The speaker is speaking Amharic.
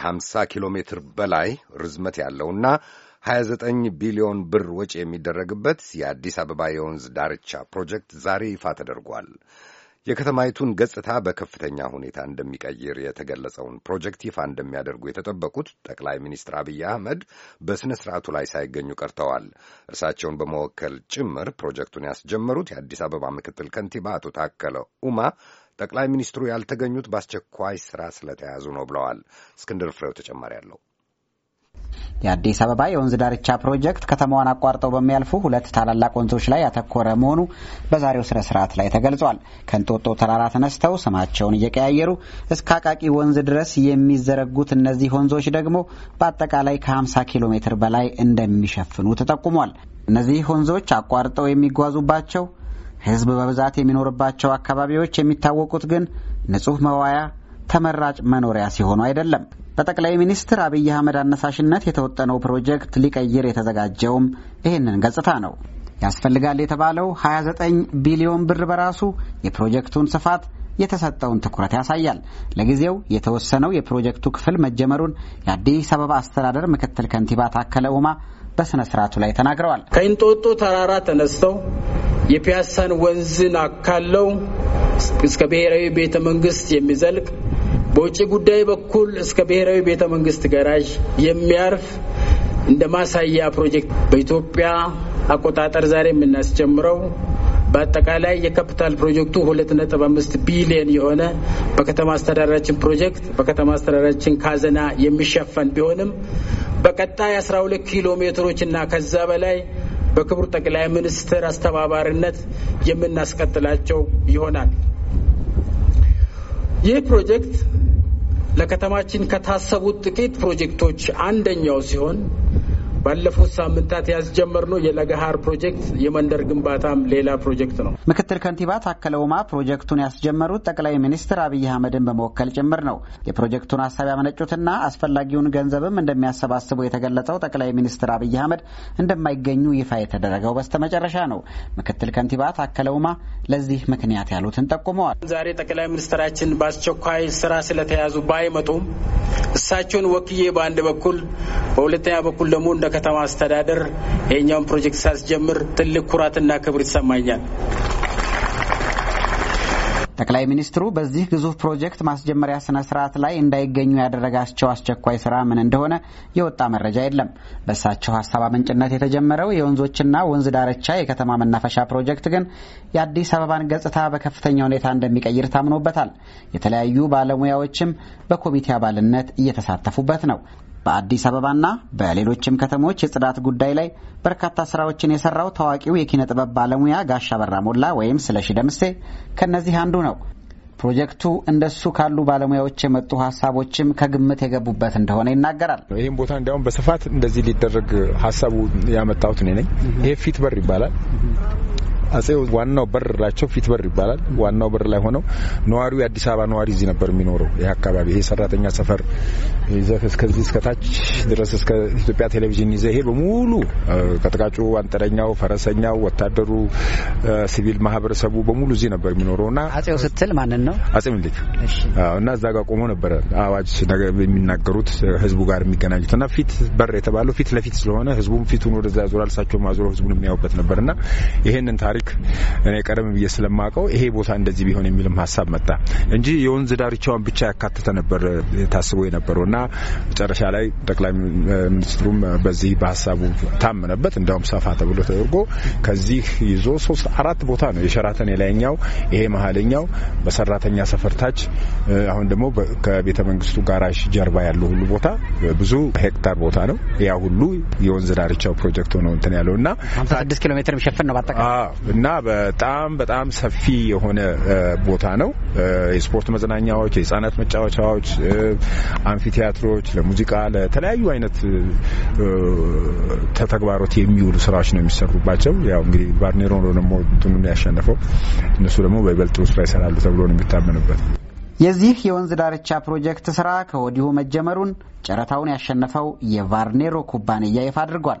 ከ50 ኪሎ ሜትር በላይ ርዝመት ያለውና 29 ቢሊዮን ብር ወጪ የሚደረግበት የአዲስ አበባ የወንዝ ዳርቻ ፕሮጀክት ዛሬ ይፋ ተደርጓል። የከተማይቱን ገጽታ በከፍተኛ ሁኔታ እንደሚቀይር የተገለጸውን ፕሮጀክት ይፋ እንደሚያደርጉ የተጠበቁት ጠቅላይ ሚኒስትር አብይ አህመድ በሥነ ሥርዓቱ ላይ ሳይገኙ ቀርተዋል። እርሳቸውን በመወከል ጭምር ፕሮጀክቱን ያስጀመሩት የአዲስ አበባ ምክትል ከንቲባ አቶ ታከለ ኡማ ጠቅላይ ሚኒስትሩ ያልተገኙት በአስቸኳይ ስራ ስለተያዙ ነው ብለዋል። እስክንድር ፍሬው ተጨማሪ አለው። የአዲስ አበባ የወንዝ ዳርቻ ፕሮጀክት ከተማዋን አቋርጠው በሚያልፉ ሁለት ታላላቅ ወንዞች ላይ ያተኮረ መሆኑ በዛሬው ስነ ስርዓት ላይ ተገልጿል። ከእንጦጦ ተራራ ተነስተው ስማቸውን እየቀያየሩ እስከ አቃቂ ወንዝ ድረስ የሚዘረጉት እነዚህ ወንዞች ደግሞ በአጠቃላይ ከ50 ኪሎ ሜትር በላይ እንደሚሸፍኑ ተጠቁሟል። እነዚህ ወንዞች አቋርጠው የሚጓዙባቸው ህዝብ በብዛት የሚኖርባቸው አካባቢዎች የሚታወቁት ግን ንጹህ መዋያ፣ ተመራጭ መኖሪያ ሲሆኑ አይደለም። በጠቅላይ ሚኒስትር አብይ አህመድ አነሳሽነት የተወጠነው ፕሮጀክት ሊቀይር የተዘጋጀውም ይህንን ገጽታ ነው። ያስፈልጋል የተባለው 29 ቢሊዮን ብር በራሱ የፕሮጀክቱን ስፋት የተሰጠውን ትኩረት ያሳያል። ለጊዜው የተወሰነው የፕሮጀክቱ ክፍል መጀመሩን የአዲስ አበባ አስተዳደር ምክትል ከንቲባ ታከለ ኡማ በሥነ ሥርዓቱ ላይ ተናግረዋል። ከእንጦጦ ተራራ ተነስተው የፒያሳን ወንዝን አካለው እስከ ብሔራዊ ቤተ መንግስት የሚዘልቅ በውጭ ጉዳይ በኩል እስከ ብሔራዊ ቤተ መንግስት ገራዥ የሚያርፍ እንደ ማሳያ ፕሮጀክት በኢትዮጵያ አቆጣጠር ዛሬ የምናስጀምረው በአጠቃላይ የካፒታል ፕሮጀክቱ ሁለት ነጥብ አምስት ቢሊየን የሆነ በከተማ አስተዳደራችን ፕሮጀክት በከተማ አስተዳደራችን ካዘና የሚሸፈን ቢሆንም በቀጣይ አስራ ሁለት ኪሎ ሜትሮች እና ከዛ በላይ በክቡር ጠቅላይ ሚኒስትር አስተባባሪነት የምናስቀጥላቸው ይሆናል። ይህ ፕሮጀክት ለከተማችን ከታሰቡት ጥቂት ፕሮጀክቶች አንደኛው ሲሆን ባለፉት ሳምንታት ያስጀመርነው የለገሃር ፕሮጀክት የመንደር ግንባታም ሌላ ፕሮጀክት ነው። ምክትል ከንቲባ ታከለ ኡማ ፕሮጀክቱን ያስጀመሩት ጠቅላይ ሚኒስትር አብይ አህመድን በመወከል ጭምር ነው። የፕሮጀክቱን ሀሳብ ያመነጩትና አስፈላጊውን ገንዘብም እንደሚያሰባስቡ የተገለጸው ጠቅላይ ሚኒስትር አብይ አህመድ እንደማይገኙ ይፋ የተደረገው በስተመጨረሻ ነው። ምክትል ከንቲባ ታከለ ኡማ ለዚህ ምክንያት ያሉትን ጠቁመዋል። ዛሬ ጠቅላይ ሚኒስትራችን በአስቸኳይ ስራ ስለተያዙ ባይመጡም እሳቸውን ወክዬ በአንድ በኩል፣ በሁለተኛ በኩል ደግሞ እንደ ከተማ አስተዳደር ይሄኛውን ፕሮጀክት ሳስጀምር ትልቅ ኩራትና ክብር ይሰማኛል። ጠቅላይ ሚኒስትሩ በዚህ ግዙፍ ፕሮጀክት ማስጀመሪያ ስነ ስርዓት ላይ እንዳይገኙ ያደረጋቸው አስቸኳይ ስራ ምን እንደሆነ የወጣ መረጃ የለም። በእሳቸው ሀሳብ አመንጭነት የተጀመረው የወንዞችና ወንዝ ዳርቻ የከተማ መናፈሻ ፕሮጀክት ግን የአዲስ አበባን ገጽታ በከፍተኛ ሁኔታ እንደሚቀይር ታምኖበታል። የተለያዩ ባለሙያዎችም በኮሚቴ አባልነት እየተሳተፉበት ነው። በአዲስ አበባና በሌሎችም ከተሞች የጽዳት ጉዳይ ላይ በርካታ ስራዎችን የሰራው ታዋቂው የኪነ ጥበብ ባለሙያ ጋሻ በራ ሞላ ወይም ስለሺ ደምሴ ከእነዚህ አንዱ ነው። ፕሮጀክቱ እንደሱ ካሉ ባለሙያዎች የመጡ ሀሳቦችም ከግምት የገቡበት እንደሆነ ይናገራል። ይህም ቦታ እንዲያውም በስፋት እንደዚህ ሊደረግ ሀሳቡ ያመጣሁት እኔ ነኝ። ይሄ ፊት በር ይባላል። አጼው ዋናው ላቸው ፊት በር ይባላል። ዋናው በር ላይ ሆነው ነዋሪው የአዲስ አበባ ነዋሪ እዚህ ነበር የሚኖረው። ይህ አካባቢ ይሄ ሰራተኛ ሰፈር ይዘህ እስከዚህ እስከታች ድረስ እስከ ኢትዮጵያ ቴሌቪዥን ይዘህ ይሄ በሙሉ ቀጥቃጩ፣ አንጥረኛው፣ ፈረሰኛው፣ ወታደሩ፣ ሲቪል ማህበረሰቡ በሙሉ እዚህ ነበር እና አጼው ስትል ማንን ነው? አጼ ምኒልክ እና እዛ ጋር ቆሞ ነበረ አዋጅ የሚናገሩት ህዝቡ ጋር የሚገናኙት እና ፊት በር የተባለው ፊት ለፊት ስለሆነ ህዝቡም ፊቱን ወደዛ ያዞራል። ሳቸው አዙረው ህዝቡን የሚያዩበት ነበርና ይሄንን ታሪክ ታሪክ እኔ ቀደም ብዬ ስለማውቀው ይሄ ቦታ እንደዚህ ቢሆን የሚልም ሀሳብ መጣ እንጂ የወንዝ ዳርቻውን ብቻ ያካተተ ነበር ታስቦ የነበረው እና መጨረሻ ላይ ጠቅላይ ሚኒስትሩም በዚህ በሀሳቡ ታመነበት። እንዲያውም ሰፋ ተብሎ ተደርጎ ከዚህ ይዞ ሶስት አራት ቦታ ነው የሸራተን የላይኛው፣ ይሄ መሀለኛው፣ በሰራተኛ ሰፈር ታች፣ አሁን ደግሞ ከቤተ መንግስቱ ጋራዥ ጀርባ ያለው ሁሉ ቦታ ብዙ ሄክታር ቦታ ነው። ያ ሁሉ የወንዝ ዳርቻው ፕሮጀክት ሆኖ እንትን ያለው እና 56 ኪሎ ሜትር የሚሸፍን ነው። በአጠቃላይ እና በጣም በጣም ሰፊ የሆነ ቦታ ነው። የስፖርት መዝናኛዎች፣ የህጻናት መጫወቻዎች፣ አምፊቲያትሮች ለሙዚቃ ለተለያዩ አይነት ተግባሮት የሚውሉ ስራዎች ነው የሚሰሩባቸው። ያው እንግዲህ ባርኔሮ ደግሞ እንትኑን ያሸነፈው እነሱ ደግሞ በይበልጥ ስራ ይሰራሉ ተብሎ ነው የሚታመንበት። የዚህ የወንዝ ዳርቻ ፕሮጀክት ስራ ከወዲሁ መጀመሩን ጨረታውን ያሸነፈው የቫርኔሮ ኩባንያ ይፋ አድርጓል።